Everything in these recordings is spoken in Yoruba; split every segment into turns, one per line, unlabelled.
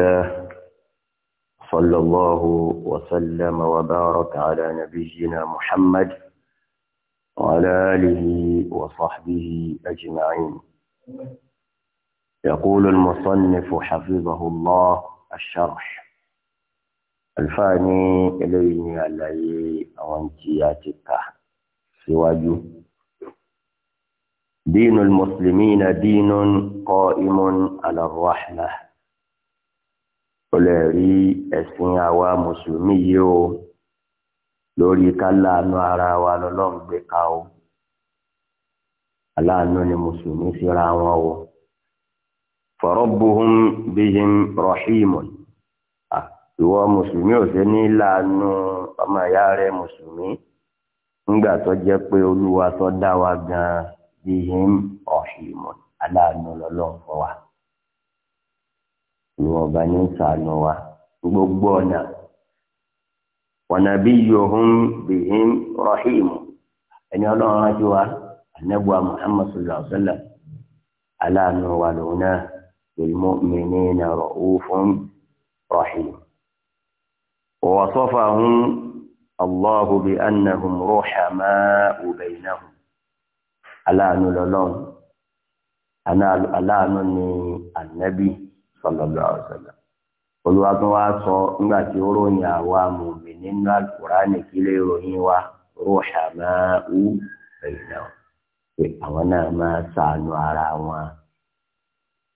الله صلى الله وسلم وبارك على نبينا محمد وعلى آله وصحبه أجمعين يقول المصنف حفظه الله الشرح الفاني إليني علي وانتياتك سواجه دين المسلمين دين قائم على الرحمة ó lè rí ẹ̀sìn àwa mùsùlùmí yìí o lórí ká láàánú ara wa lọ́lọ́run gbé ka o aláàánú ni mùsùlùmí síra wọn o farabbuhum bihim rahimun ìwọ mùsùlùmí ò sí ní láàánú ọmọ ìyá rẹ mùsùlùmí ńgbà tó jẹ́ pé olúwa tó dá wa gan bihim rahimun aláàánú lọ́lọ́run wa ìwọ̀n ọba ní sànù wa gbogbo ọ̀nà wọnàbí yohun bìhín rahim ẹni ọlọ́run rántí wa anabuwa muhammad sallallahu alaihi wa sallam aláàánú wa lòun náà ìlmọ́ mẹ́ni na rọ̀hún rahim ووصفهم الله بأنهم رحماء بينهم aláàánú lọ́lọ́run aláàánú ni ànábì sọlọ́lọ́ ọ̀sọ̀lọ́. olúwa tó wá sọ nígbà tí ó ròyìn àwa mùmí nínú àlùkùránì kí lè ròyìn wa ròṣà máa wú ẹ̀yìn náà pé àwọn náà máa ṣàánú ara wọn.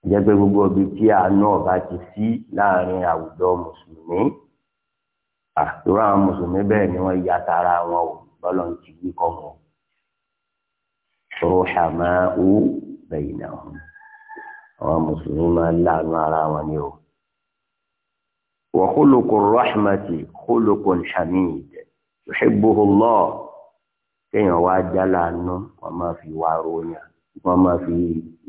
jẹ́ pé gbogbo ibi tí àánú ọba ti sí láàrin àwùjọ mùsùlùmí àtúrò àwọn mùsùlùmí bẹ́ẹ̀ ni wọ́n ya tara wọn o lọ́lọ́ ti gbé kọ́ wọn. ròṣà máa wú ẹ̀yìn náà àwọn mùsùlùmí máa ń láàánú ara wọn ni o. wa khuluqur rahmati khuluqun hamid yuhibbuhu Allah kéèyàn wá já láàánú wọn máa fi wá ròyìn wọn máa fi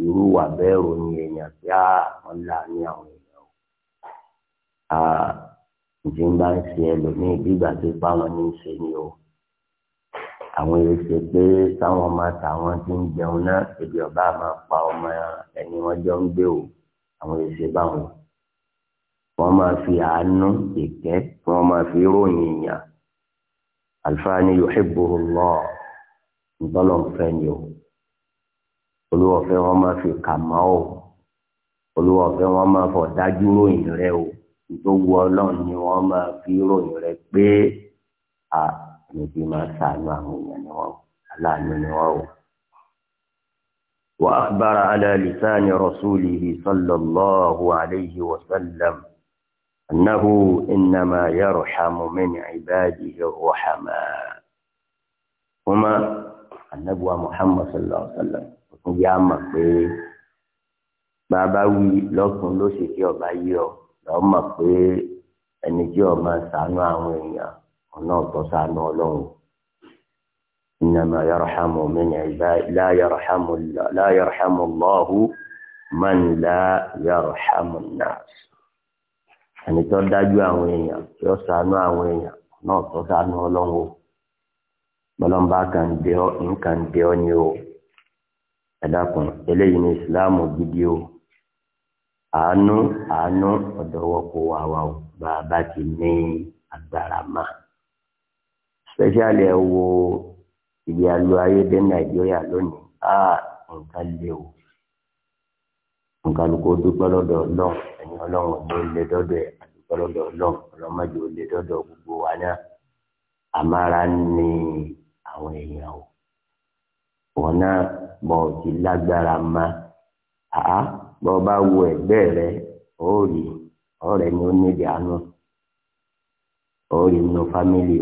irú bẹ́ẹ̀ ròyìn èèyàn pé á wọn láàánú àwọn èèyàn o. ǹjẹ́ ń bá ń ṣe ẹlòmíì bí ìgbà tó bá wọn ní í ṣe ni o àwọn yìí ṣe pé táwọn máa ta àwọn tí ń jẹun náà ebi ọba máa pa ọmọ ẹni wọn jọ ń gbé o àwọn yìí ṣe báwọn wọn máa fi àánú ìkẹ́ wọn máa fi ròyìn èèyàn àlùfáà ni yuhibbuhu Allah ntọ́lọ́nfẹ́ ni o olúwọ̀fẹ́ wọn máa fi kà o olúwọ̀fẹ́ wọn máa fọ̀ dájú ròyìn rẹ o nítorí wọn ni wọn máa fi ròyìn rẹ pé a níbi máa sàánú àwọn èèyàn ni wọn aláàánú ni wọn o. وأخبر على لسان رسوله صلى الله عليه وسلم أنه إنما يرحم من عباده الرحماء هما النبوة محمد صلى الله عليه وسلم يا مقبل bàbá wí lọ́kùn ló ṣe kí ọba yí ọ lọ́ọ́ mọ̀ pé ẹni tí ọmọ ṣàánú àwọn èèyàn ọ̀nà ọ̀tọ̀ sànù ọlọ́run innama yarhamu min ibadihi la yarhamu la yarhamu Allahu man la yarhamu an-nas ẹni tó dájú àwọn èèyàn tí ó sànù àwọn èèyàn náà tó sànù ọlọ́run o bọ́lọ́mbà kan dé ọ nǹkan dé ọ ni o ẹ eléyìí ní ìsìláàmù gidi o àánú àánú ọ̀dọ́wọ́kọ̀ wà wà o bàbá ti ní agbára máa. especially ẹ wo ìyàlú ayé naijiria nàìjíríà lónìí a ah, nǹkan lé o nǹkan lóko dúpẹ́ lọ́dọ̀ ọlọ́run ẹ̀yin ọlọ́run ló lé dọ́dọ̀ ẹ̀ àdúpẹ́ lọ́dọ̀ ọlọ́run ọlọ́mọdé ó lé dọ́dọ̀ gbogbo wa náà àmàrà ni àwọn èèyàn o wọn náà bọ̀ ti lágbára ma bọ́ bá wo ẹ̀gbẹ́ rẹ ọ̀rẹ́ ni ó nídìí àánú fámìlì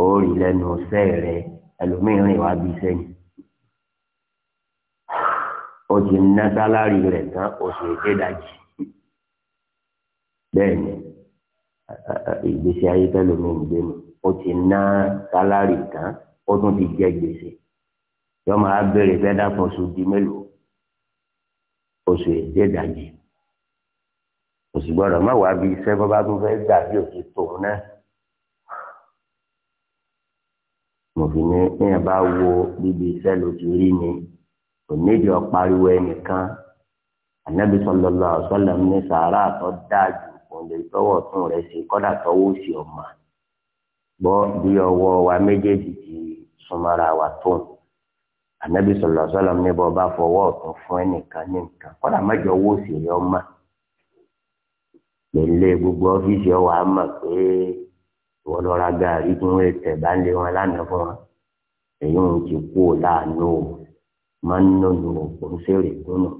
ó rí lẹ́nu iṣẹ́ rẹ ẹlòmíràn wá bí sẹ́yìn ó ti ná sálárì rẹ̀ tán oṣù ìdédàjì bẹ́ẹ̀ ni ìgbésí ayé tẹ́lòmíràn gbé mi ó ti ná sálárì tán ó tún ti jẹ gbèsè yọ máa béèrè fẹ́ dákun oṣù di mélòó oṣù ìdédàjì òṣùgbọ́n rẹ̀ má wá bí iṣẹ́ bọ́ bá tún fẹ́ gbà bí òṣù tòun náà. mùsùlùmí èèyàn bá wo bíbi iṣẹ́ ló ti rí ni kò nídìí ọ̀pariwo ẹnìkan ànábi sọlọlọ àṣọlọ ní sàárà àtọ dáàjù òǹdè tọwọ tún rẹ ṣe kọdà tọwọ sí ọmọ gbọ bí ọwọ́ wa méjèèjì ti súnmọ́ra wa tó ànábi sọlọ àṣọlọ ní bọ bá fọwọ́ ọ̀tún fún ẹnìkan ní nǹkan kọdà mẹjọ owó sì ọmọ lè gbogbo ọ́fíìsì ọwọ àmọ́ pé ìwọ lọ ra gàrí tí wọn tẹ̀ bá ń lé wọn lánàá fún wọn èyí ń ti kú láàánú o máa ń nà ní òkú ń sèrè kúnnù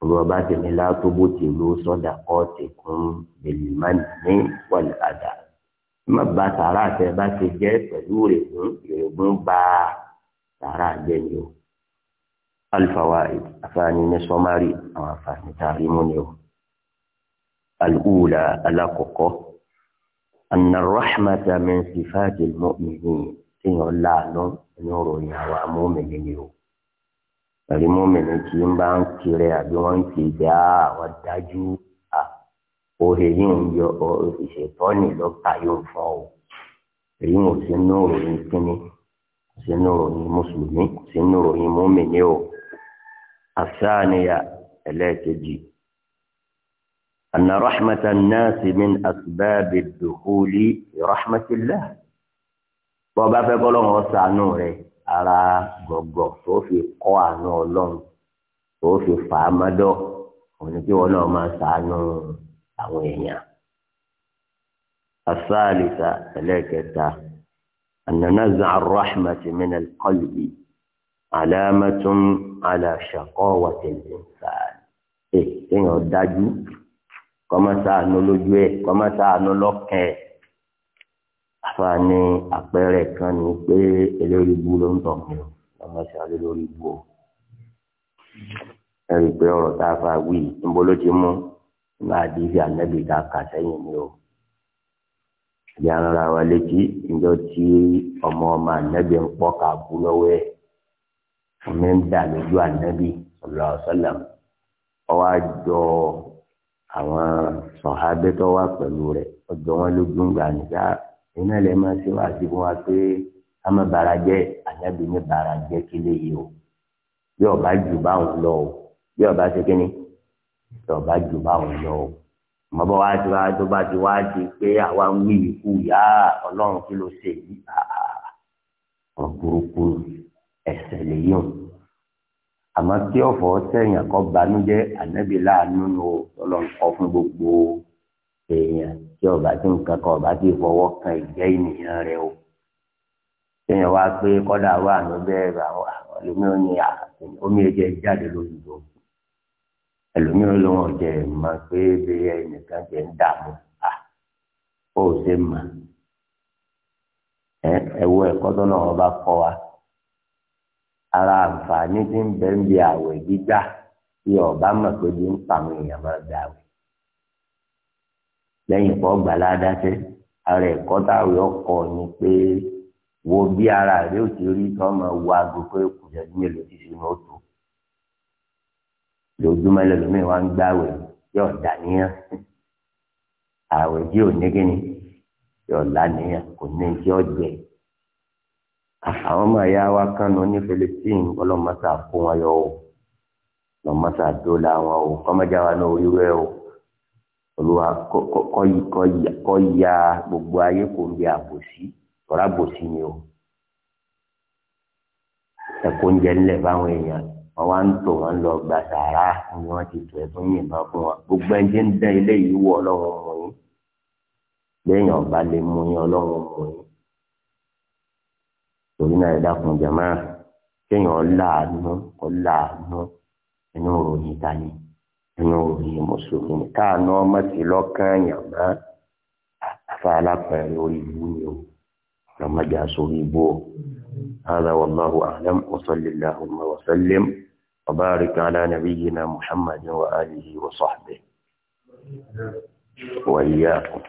olùwàbá tèmi látòbó tèlú sọdà kọ́ọ̀tì kún bèlìmánì ní wàlẹ̀ má ba sàrà tẹ bá ti jẹ pẹ̀lú ìrègùn ìrègùn ba sàrà jẹ ni o alfawaid afaani ní sọmárì àwọn afaani tá a ni o alùpùpù la أن الرحمة من صفات المؤمنين إن الله نور يا مؤمنين pẹ̀lú mọ́mìnì tí ń bá ń kiri àbí wọ́n ń kiri bí a wọ́n dájú à òhe yìí ń yọ ìṣètọ́nì lọ́ta yóò fọ́ o èyí ò sí inú òròyìn kínní kò sí inú òròyìn mùsùlùmí kò sí inú òròyìn mọ́mìnì o àṣà nìyà أن رحمة الناس من أسباب الدخول رحمة الله bọ́ọ̀ bá fẹ́ bọ́lọ́ wọn ṣàánú rẹ̀ ara gọ̀gọ̀ tó fi kọ́ àánú ọlọ́run tó fi fà á mọ́dọ̀ òun ni kí wọn náà máa ṣàánú àwọn èèyàn. asáàlìta ẹlẹ́kẹta ànánàzà rahmat min alqalbi alamatun ala shaqawati al ẹ ẹ yàn dájú kọ́mọ́sá àánú lójú ẹ̀ kọ́mọ́sá àánú lọ́kàn ẹ̀ àfààní àpẹẹrẹ kan ní pé elórí ibu ló ń tọ̀ mí o kọ́mọ́sá lórí ibu o ẹ rí i pé ọ̀rọ̀ tá a fa wí níbo ló ti mú ní àdìsí ànábì tá a kà sẹ́yìn ni o ìyá ńlá wa létí ìjọ tí ọmọ ọmọ ànábì ń pọ́ ká bú lọ́wọ́ ẹ̀ ọmọ ń dà lójú ànábì sallallahu alaihi wasallam ọwọ́ àjọ àwọn sọ̀hábẹ́ tó wà pẹ̀lú rẹ̀ ọjọ́ wọn lójú ń gbà nígbà iná lè máa ṣe wá sí fún wa pé ká má bara jẹ́ àyàbí ní bara jẹ́ kí lè yí o bí ọba jù báwọn lọ o bí ọba ṣe kí ni bí ọba jù báwọn lọ o mọ bá wá ti wá tó bá ti wá di pé àwa ń wí ikú yá ọlọ́run kí ló ṣe yí àà ọ̀gbùrùkù ẹ̀sẹ̀ lè o àmọ́ kí ọ̀fọ̀ sẹ́yìn kọ́ banújẹ́ ànábì láàánú ni o ọlọ́nkọ́ fún gbogbo èèyàn tí ọba tí nǹkan kan ọba tí fọwọ́ kan ìjẹ́ ènìyàn rẹ o sẹ́yìn wá pé kọ́dà wà ní bẹ́ẹ̀rẹ̀ àwọn ẹlòmíràn ní omi ẹ̀jẹ̀ jáde lóyìnbó ẹlòmíràn ló wọn jẹ mọ̀ pé bẹ́ẹ̀ nìkan jẹ́ ń dààmú à ó ṣe mà ẹ ẹ wo ẹ̀kọ́ tó náà wọn bá kọ́ wa ara àǹfààní tí ń bẹ ń bi àwẹ̀ gbígbà tí ọba mọ̀ pé bí ń pa àwọn èèyàn máa gbà àwẹ̀ lẹ́yìn pọ̀ gbà ládàáṣẹ́ ara ẹ̀kọ́ táwọn ọkọ̀ ni pé wo bí ara rẹ ò ti rí tí wọ́n máa wo aago pé kò jẹ́jú mélòó ti sinú òtò lójúmọ́ ẹlẹ́lómìn wa ń gbà àwẹ̀ yóò dà níyàn àwẹ̀ tí ò ní kíni yóò lá níyàn kò ní kí ọ jẹ́ àwọn ọmọ ẹ̀yà wa kan nù ní Philippine ọlọ́mọta kó wọn yọ o ọlọ́mọta dọ́là wọn o kọ́mọdé wa náà orí rẹ o olùwà kọ́ ya gbogbo ayé kò ń bí àbòsí ọ̀rá àbòsí ni o ẹ̀kọ́ oúnjẹ ńlẹ̀ báwọn èèyàn wọn wá ń tò wọn lọ gba sàárà ni wọn ti tò ẹ̀fún yìnbọn fún wọn gbogbo ẹni tí ń dán ilé yìí wọ ọlọ́run mọ̀ yín lẹ́yìn ọ̀bá lè mú yín ọlọ́run mọ̀ yín torí náà ẹ dákun jàmá kéèyàn láàánú ọláàánú ẹnu ròyìn tani ẹnu ròyìn mùsùlùmí káàánú ọmọ sí lọ́kàn yàn má afa alápẹ̀rẹ̀ orí ìlú ni o ọlọ́mọdé aṣọ́rí ibú o hàdà wàlláhu àlám wasallilahu wasallim وبارك على نبينا محمد وآله وصحبه وإياكم